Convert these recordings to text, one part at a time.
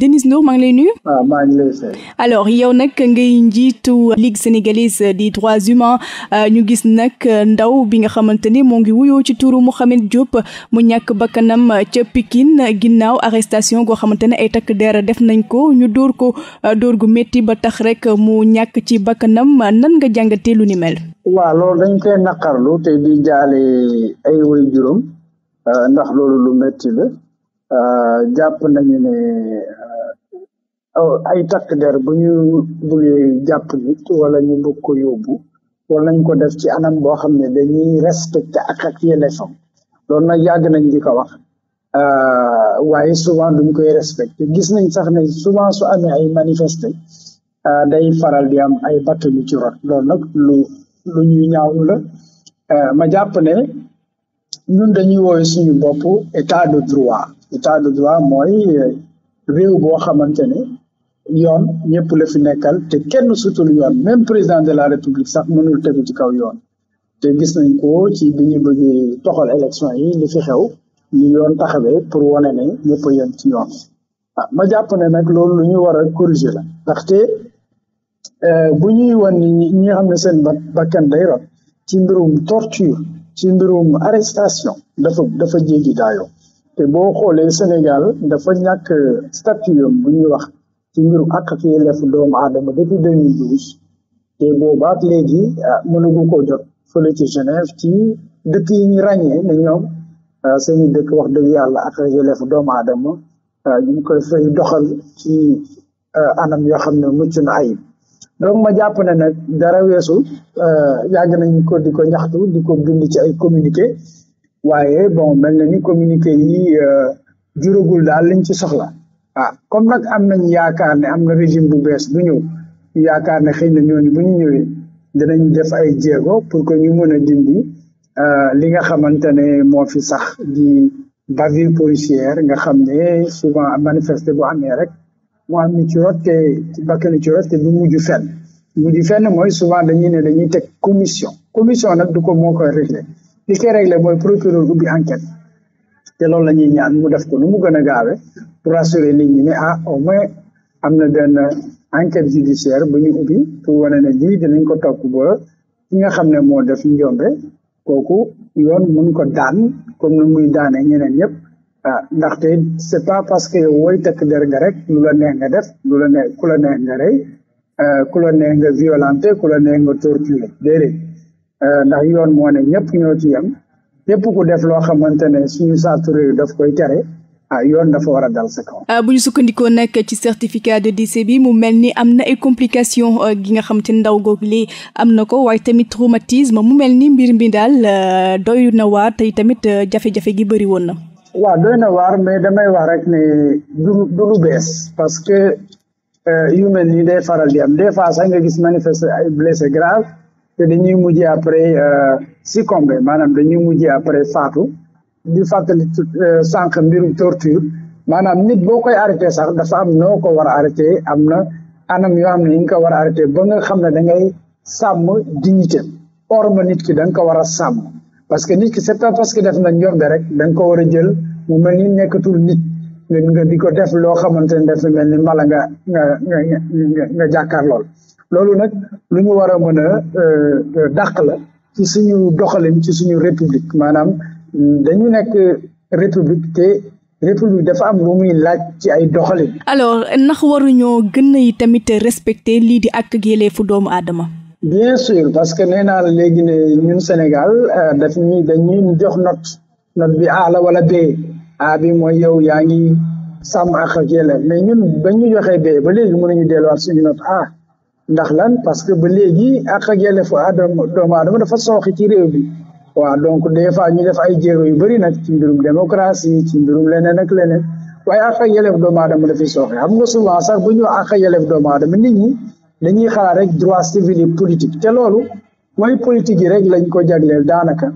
Denis Ndour maa ngi lay nuyu. waaw ah, maa yow nag ngay njiitu Ligue sénégalaise des droits humains euh, ñu gis nag ndaw bi nga xamante ni moo ngi wuyoo ci turu Mouhamed Diop mu ñàkk bakkanam ca Pikine ginnaaw arrestation goo xamante ne ay takk der def nañ ko ñu dóor ko euh, dóor gu metti ba tax rek mu ñàkk ci bakkanam nan nga jàngatee lu ni mel. waaw loolu dañ koy naqarlu te di jaale ay way juróom euh, ndax loolu lu métti la jàpp nañu ne. Oh, ay takk der bu ñu buggee jàpp nit wala ñu bëgg ko yóbbu war nañ ko def ci anam boo xam ne dañuy respecté ak ak yelleefam loolu nag yàgg nañ di ko wax euh, waaye souvent duñ koy respecté gis nañ sax ne souvent su amee ay manifesté euh, day faral di am ay battanu ci rot lool nag lu lu ñuy euh, ma jàpp ne ñun dañuy woowee suñu bopp état de droit état de droit mooy réew boo xamante ne yoon ñëpp la fi nekkal te kenn sutul yoon même président de la république sax mënul tegu ci kaw yoon te gis nañ ko ci bi ñu bëggee toxal élection yi li fi xew ñu yoon taxawee pour wone ne ñëpp a yoon ci yoon ah ma jàpp ne nag loolu lu ñu war a la ndaxte euh, bu ñuy wan ni ñi nga xam ne seen bakkan day ci mbirum torture ci mbirum arrestation dafa dafa jéggi daayoo te boo xoolee Sénégal dafa ñàkk yoon bu ñuy wax ci mbiru àq ak yelleefu doomu aadama depuis 2012 te boobaak léegi ah, mënagu koo jot fële ci Genève ci dëkk yi ñu ràññee ne ñoom ah, seeni dëkk wax dëgg yàlla àq ak yelleefu doomu aadama ah, ñu ngi koy fay doxal ci anam yoo xam ne mucc na ayib donc ma jàpp na nag dara weesu yàgg nañu ko di ko ñaxtu di ko bind ci ay communiqué waaye bon mel na ni communiqué yi juragul daal lañ ci soxla ah comme nag am nañ yaakaar ne am na régime bu bees bu ñëw yaakaar ne xëy na ñooñ bu ñu ñëwee dinañ def ay jéego pour que ñu mën a dindi ah, li nga xamante ne moo fi sax di bavure policière nga xam ne souvent manifester bu amee rek mu am ni ci rot te ci bakkani ci rot te du mujj fenn mujj fenn mooy souvent dañuy ne dañuy teg commission commission nag du ko moo koy réglé li koy réglé mooy procureur ubbi enquete te loolu la ñuy ñaan mu def ko nu mu gën a gaawe pour assurer nit ñi ne ah au moins am na benn enquête judiciaire bu ñu ubbi pour wane ne jii dinañ ko topp ba ki nga xam ne moo def njombe kooku yoon mun ko daan comme nu muy daane ñeneen ñëpp ah ndaxte c'est pas parce que yow wooy takk der nga rek lu la neex nga def lu la neex ku la neex nga ah, ku la neex nga violenté ku la neex nga torturé déedéet ah, ndax yoon moo ne ñëpp ñoo ci yem képp ku def loo xamante ne suñu sartu daf koy tere ah yoon dafa war a dal sa kaw. Ah, bu ñu sukkandikoo nekk ci certificat de décès bi mu mel ni am na ay complications ah, gi nga xam te ndaw googu lii am na ko waaye tamit traumatisme mu mel ni mbir mi daal ah, doy na waar tey tamit jafe-jafe gi bëri woon na. waa doy na waar mais damay wax rek ne du du bees parce que euh, yu mel ni day faral di am des fois sax nga gis manifester ay blessé grave. te dañuy mujj après euh, succombé maanaam dañuy mujj après faatu di fàttali euh, sànq mbirum torture maanaam nit boo koy arrêté sax dafa am noo ko war a arrêté am na anam yoo xam ne ñu ngi ko war a ba nga xam ne da ngay sàmm dignité orma nit ki da nga ko war a sàmm parce que nit ki c'est pas parce que def na njombe rek da nga ko war a jël mu mel ni nekkatul nit nga di ko def loo xamante ne dafa mel ni mala nga nga nga nga jàkkaar loolu nag lu ñu war a mën a euh, dàq la ci suñu doxalin ci suñu république maanaam dañu nekk république te république dafa am lu muy laaj ci ay doxalin. alors ndax waruñoo gën a tamit respecter lii di ak yelleefu doomu aadama. bien sûr parce que nee naa léegi ne ñun Sénégal euh, daf ñuy dañuy jox note note bi A la wala B A bi mooy yow yaa ngi sàmm ak ak yelleef mais ñun ba ñu joxee B ba léegi mënuñu delluwaat suñu note A. ndax lan parce que ba léegi a ak yelleefu a doomu aadama dafa sooxi ci réew bi waaw donc des fois ñu def ay jéego yu bëri nag ci mbirum démocratie ci mbirum leneen ak leneen waaye ak ak yelleef doomu aadama dafay sooxe am nga souvent sax bu ñu wax ak ak yelleef doomu aadama nit ñi dañuy xalaat rek droit civil et politique te loolu mooy politique yi rek lañ ko jagleel daanaka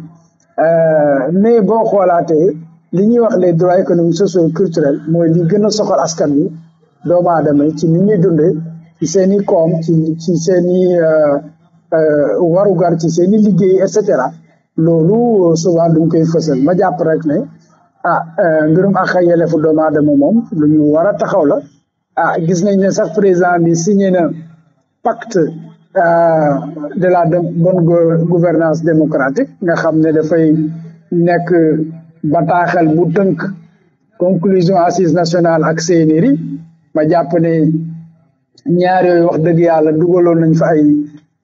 euh, mais boo xoolaatee li ñuy wax les droits économiques sociaux et culturels mooy li gën a soxal askan wi doomu aadama ci ni ñuy dundee ci seen i koom ci seeni seen euh, euh, i warugar ci seen i liggéey et cetera loolu euh, souvent duñ koy fësal ma jàpp rek ne ah mbirum ak yelleefu doomu aadama moom lu ñu war a taxaw la ah gis nañ ne sax président bi signé na pacte de la bonne gouvernance démocratique nga xam ne dafay nekk bataaxal bu tënk conclusion assise nationale ak CNRI ma jàpp ne ñaar yooyu wax dëgg yàlla dugaloon nañ fa ay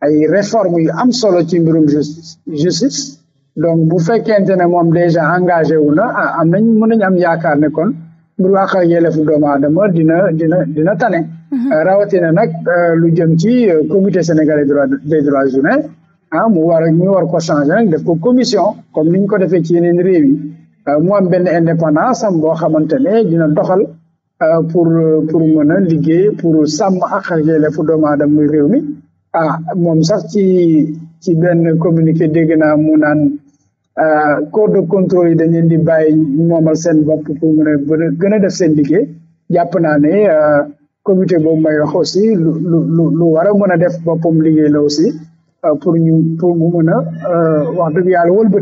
ay réforme yu am solo ci mbirum justice justice donc bu fekkente ne moom déjà engagé wu na ah am nañ mën nañ am yaakaar ne kon mbiru àq ak yelleefu doomu aadama dina dina dina tane mhm. euh, rawatina nag euh, lu jëm ci euh, comité sénégalais des droits humains ah mu war ñu war ko changé nag def ko commission comme ni ñu ko defee ci yeneen réew yi mu am benn indépendance am boo xamante ne dina doxal Euh, pour euh, pour mën a liggéey pour sàmm ak ak yelleefu doomu aadama réew mi ah moom sax ci ci benn communiqué dégg naa mu naan euh, corps de contrôle yi dañ leen di bàyyi moomal seen bopp pour mën a gën a def seen liggéey jàpp naa ne comité boobu may wax aussi lu lu lu lu war a mën a def boppam liggéey la aussi pour ñu pour mu mën a wax dëgg yàlla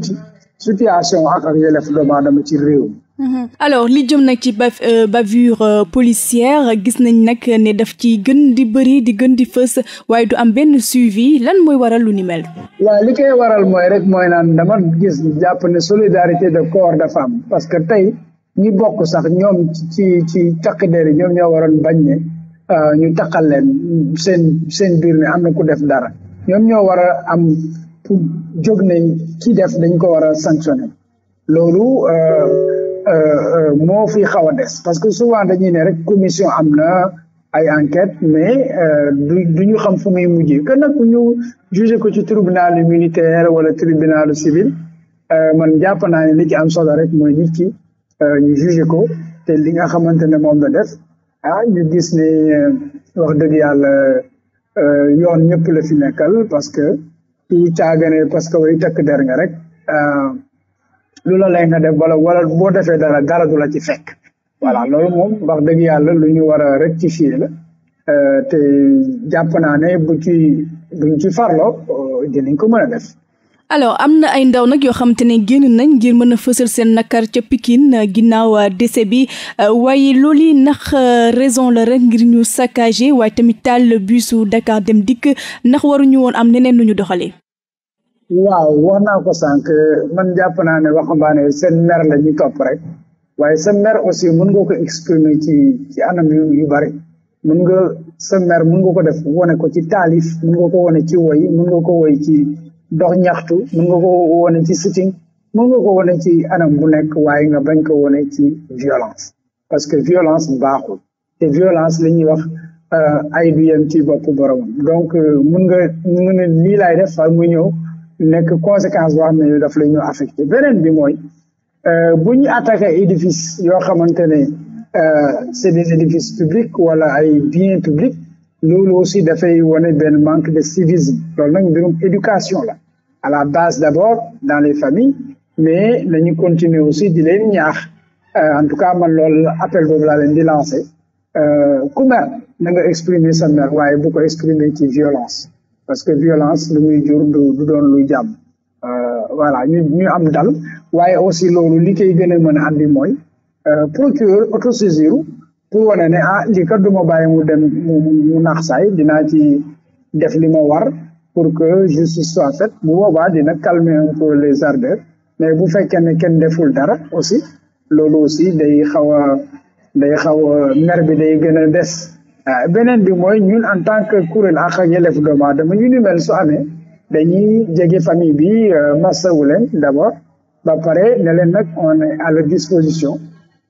situation ak ak yelleefu doomu ci réew Mhm. alors li jëm nag ci euh, bavure euh, policière gis nañ nag ne def ci gën di bëri di gën di fës waaye du am benn suivi lan mooy waral lu ni mel. waaw li koy waral mooy rek mooy naan dama gis jàpp ne solidarité de corps dafa am parce que tey ñi bokk sax ñoom ci ci takk der yi ñoom ñoo waral bañ ne euh, ñu takkal leen seen seen biir ne am na ku def dara ñoom ñoo war a am pour jóg ne ki def dañ ko war a sanctionné loolu. moo fi xaw a des parce que souvent dañuy ne rek commission am na ay enquête mais euh, du du ñu xam fu muy mujjee que nag ñu jugé ko ci tribunal militaire wala tribunal civil euh, man jàpp naa ne li ci am solo rek mooy nit ki euh, ñu jugé ko te li nga xamante ne moom la def ah ñu gis ne wax dëgg yàlla yoon ñëpp la fi nekkal parce que tout caagane parce que way takk der nga rek lu la lay nga def wala wala boo defee dara dara du la ci fekk voilà loolu moom wax dëgg yàlla lu ñu war a rectifier la euh, te jàpp naa ne bu ci buñ ci farloo euh, dinañ ko mën a def alors am na ay ndaw nag yoo xamante ne génn nañ ngir mën a fësal seen nakar ca Pikine euh, ginnaaw décès bi waaye loolu yi ndax raison la rek ngir ñu saccagé waaye tamit taal busu Dakar dem dikk ndax waruñu woon am neneen lu ñu doxalee waaw wax naa ko sànq man jàpp naa ne waxambaane seen mer la ñu topp rek waaye sa mer aussi mën nga ko exprimer ci ci anam yu yu bari mën nga sa mer mën nga ko def wone ko ci taalif mën nga ko wone ci woy mën nga ko woy ci dox ñaxtu mën nga ko wone ci sitting mën nga ko wone ci anam bu nekk waaye nga bañ ko wone ci violence parce que violence baaxul te violence li ñuy wax euh, ay bi yem ci boppu boromam donc euh, mën nga mën ne lii def fa mu ñëw nekk conséquence boo xam ne daf la ñu affecté beneen bi mooy euh, bu ñu attaqué édifice yoo xamante ne euh, c'est des édifices publics wala ay biens publics loolu aussi dafay wane benn manque de civisme loolu nag mbirum éducation la à la base d'abord dans les familles mais nañu continuer aussi di leen ñaax euh, en tout cas man loolu appel boobu laa leen di lancer ku mer na nga exprimer sa mer waaye bu ko exprimer ci violence parce que violence lu muy jur du du doon luy jàmm euh, voilà ñu ñu am dal waaye aussi loolu li koy gën mën a andi mooy euh, procureur autosaisir pour wane ne ah li kat du ma bàyyi mu dem mu naax saay dinaa ci def li ma war pour que justice soit faite bu boobaa dina calmer un peu les ardeurs mais bu fekkee ne kenn deful dara aussi loolu aussi day xaw a day xaw a mer bi day gën a des Ah, beneen bi mooy ñun en tant que kuréel àq ak yelleefu doomu aadama ñu ni mel su amee dañuy jege famille bi euh, masawu leen d'abord ba pare ne leen nag on est à disposition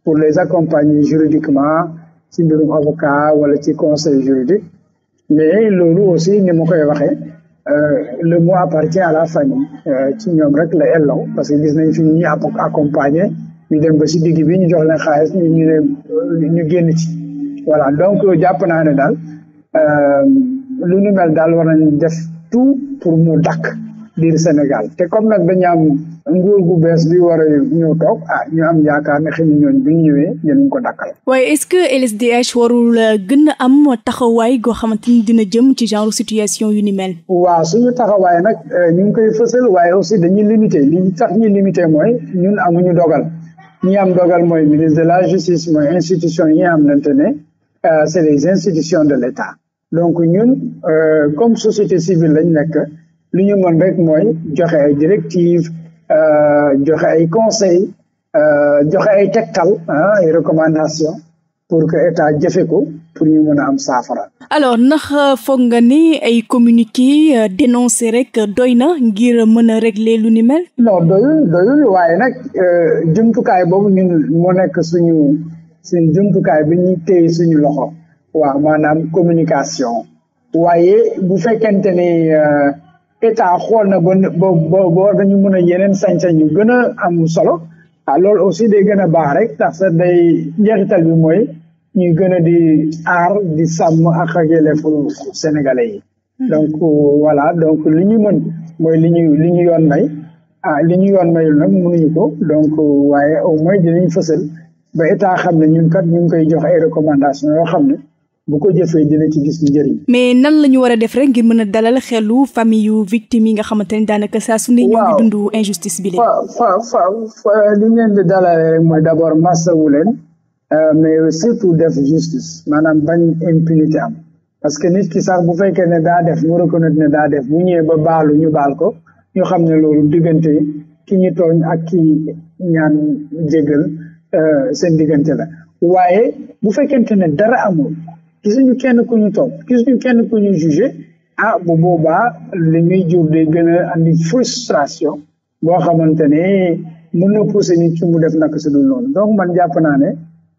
pour les accompagner juridiquement ci mbirum avocat wala ci conseil juridique mais loolu aussi ni ma koy waxee euh, le mot appartient à la famille euh, ci ñoom rek la ellaw parce que gis nañ fi ñuy accompagner ñu dem ba si digg bi ñu jox leen xaalis ñu ñu génn ci voilà donc euh, jàpp naa ne daal euh, lu ñu mel daal war nañ def tout pour mu dakk biir Sénégal te comme nag dañu am nguur gu bees bi war a ñëw toog ah ñu am yaakaar ne xëy na ñooñu bi ñu ñëwee dinañ ko dakkal. waaye est-ce que LSDH warul euh, gën a am taxawaay goo xamante ni dina jëm ci genre situation yu ni mel. waa suñu taxawaay nag ñu ngi koy fësal waaye aussi dañuy limité li tax ñuy limité mooy ñun ñu dogal ñu am dogal mooy ministre de la justice mooy institution yi nga xamante ne euh, c'est les institutions de l'État donc ñun euh, comme société civile lañ nekk lu ñu mën rek mooy joxe ay directives euh, joxe ay conseils euh, joxe ay tegtal ay recommandations pour que état jëfe ko pour ñu mën a am saafara. alors ndax foog nga ni ay communiqué dénoncé rek doy na ngir mën a régler lu ni mel. non doyul doyul waaye nag jumtukaay boobu ñun moo nekk suñu. seen jumtukaay bi ñuy téye suñu loxo waaw maanaam communication waaye bu fekkente ne euh, état xool na ba ba war nañu mën a yeneen sañ-sañ yu gën a am solo ah loolu aussi day gën a baax rek tax sa day njeexital bi mooy ñuy gën a di aar di sàmm ak ak yelleefu sénégalais yi. Hmm. donc euh, voilà donc li ñu mën mooy li ñu li ñu yoon may a ah, li ñu yoon mayul nag mënuñu ko donc euh, waaye au moins dinañ fësal. ba état xam ne ñun kat ñu ngi koy jox ay recommandations yoo xam ne bu ko jëfee dina ci gis njëriñ. mais nan la ñu war a def rek ngir mën a dalal xelu famille yu victime yi nga xamante ne daanaka saa su ne. ñu ngi dund injustice bi leen. fa fa fa li ñu leen di rek mooy d' abord masawu leen euh, mais surtout def justice maanaam bañ impunité am parce que nit ki sax bu fekkee ne daa def mu reconnaître ne daa def bu ñëwee ba baalu ñu baal ko ñu xam ne loolu diggante ki ñu tooñ ak ki ñaan jéggal. Euh, seen diggante la waaye bu fekkente ne dara amul gisuñu kenn ku ñu topp gisuñu kenn ku ñu jugé ah bu boobaa li muy jur day gën a andi frustration boo xamante ne mën na poussé nit ci mu def naka su dul noonu donc man jàpp naa ne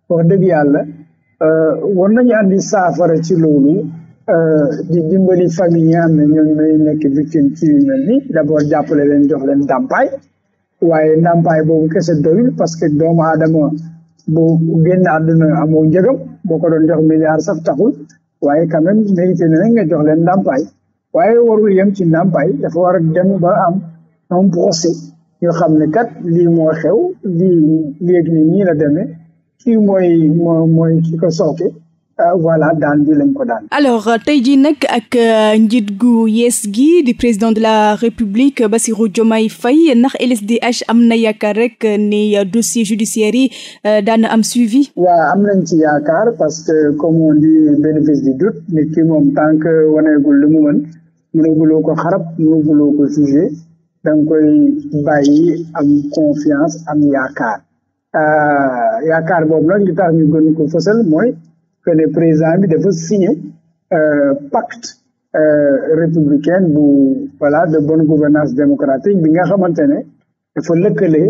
wax dëgg yàlla euh, war nañu andi saafara ci loolu euh, di dimbali famille yi nga xam ne ñoom ñooy nekk victime ci yu mel ni d'abord jàppale leen jox leen dàmpaay waaye ndàmpaay boobu kese doyul parce que doomu aadama bu génn àdduna amoo njëgam boo ko doon jox milliard sax taxul waaye quand même mérité na nga jox leen ndàmpaay waaye warul yem ci ndàmpaay dafa war a dem ba am un procès ñu xam ne kat lii moo xew lii léegi nii la demee kii mooy moo mooy ki ko sooke Euh, voilà daan bi lañ ko daan. alors euh, tey jii nag ak euh, njiit gu yees gi di président de la république Bassirou Diomaye Faye ndax LSDH am na yaakaar rek ni dossier judiciaire yi daan am suivi. waaw am nañ ci yaakaar parce que comme on dit bénéfice du doute nit ki moom tant que waneegul lu mu mën mënaguloo ko xarab mënaguloo ko jugé da nga koy bàyyi am confiance am yaakaar yaakaar boobu nag li tax ñu gën ko mooy. que ne président bi dafa signer euh, pacte euh, républicain bu voilà de bonne gouvernance démocratique bi nga xamante ne dafa lëkkale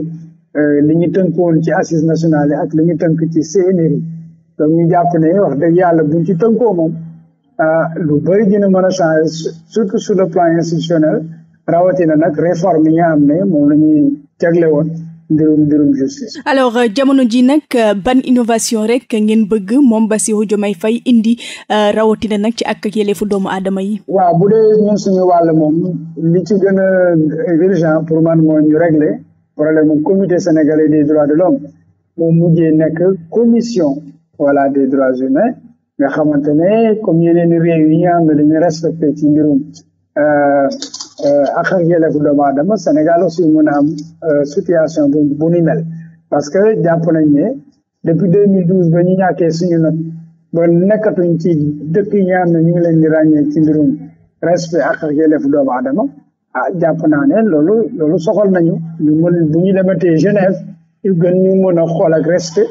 euh, li ñu tënkoon ci assises nationale yi ak li ñu tënk ci CNRI donc ñu jàpp ne wax dëgg yàlla bu ci tënkoo moom ah, lu bëri dina mën a changer surtout sur le plan institutionnel rawatina nag réforme yi nga xam ne moom la ñuy jagle woon mbirum mbirum justice. alors euh, jamono ji nag euh, ban innovation rek ngeen bëgg moom Bassirou Diomaye fay indi euh, rawatina nag ci ak ak yelleefu doomu aadama yi. waaw bu dee ñun suñu wàll moom li ci gën a urgent pour man mooy ñu régler problème mu comité sénégalais des droits de l'homme moom mujjee nekk commission voilà des droits humains nga xamante ne comme yeneen réew yi nga xam ne dañuy respecté ci mbirum. Euh, ak ak yelleefu doomu aadama Sénégal aussi mën a am euh, situation bu bu ni mel parce que jàpp nañ ne depuis 2012 ba ñu ñàkkee suñu nag ba nekkatuñ ci dëkk yi nga xam ne ñu ngi leen di ràññee ci mbirum respect ak ak yelleefu doomu aadama a ah, jàpp naa ne loolu loolu soxal nañu ñu bu ñu dematee Genève ñu gën ñu mën a xool ak respect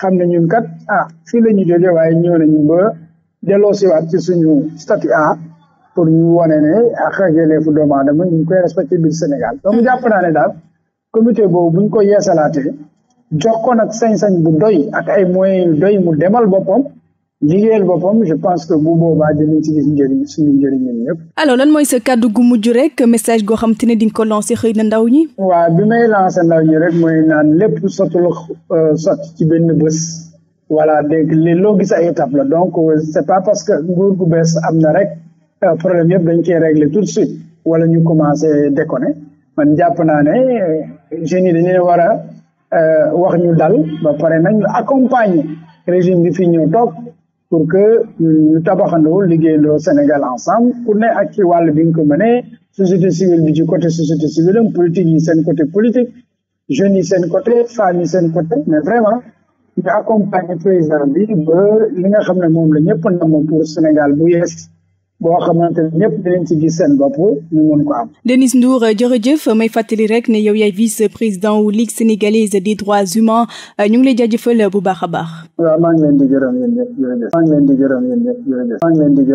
xam ne ñun kat ah fii la ñu jógee waaye ñëw nañu ba delloo siwaat ci suñu statut A pour ñu wane ne ak ak yelleefu doomu aadama ñu koy respecté biir Sénégal donc jàpp naa ne daal comité boobu bu ñu ko yeesalaatee jox ko nag sañ-sañ bu doy ak ay moyens doy mu demal boppam liggéeyal boppam je pense que bu boobaa dinañ ci gis njëriñ suñu njëriñ ñun ñëpp. alors lan mooy sa kàddu gu mujj rek message goo xam te ne di nga ko lancé xëy na ndaw ñi. waa bi may lancé ndaw ñi rek mooy naan lépp euh, sottul sot ci benn bés. voilà dégg loo gis a étape la donc euh, c'est pas parce que nguur gu bees am na rek. Euh, problème yëpp dañu cee régler tout de suite wala ñu commencé déconner man jàpp naa ne euh, jeunes yi dañu leen war a euh, wax ñu dal ba pare nag accompagner régime bi fi ñëw toog pour que ñu tabaxandoo liggéeyandoo Sénégal ensemble pour ne ak ci wàll bi nga ko mënee société civile bi ci côté société civile am politique yi seen côté politique jeunes yi seen côté femmes yi seen côté mais vraiment ñu accompagner président bi ba li nga xam ne moom la ñëpp na moom pour Sénégal bu boo xamante ne ñëpp dinañ ci gis seen bopp ñu mun ko am. Denis Ndour jërëjëf may fàttali rek ne yow yaay vice président wu Ligue sénégalaise des droits humains ñu ngi lay bu baax a baax. waaw maa ngi leen di gërëm yéen ñëpp jërëjëf. leen di gërëm yéen ñëpp leen di gërëm.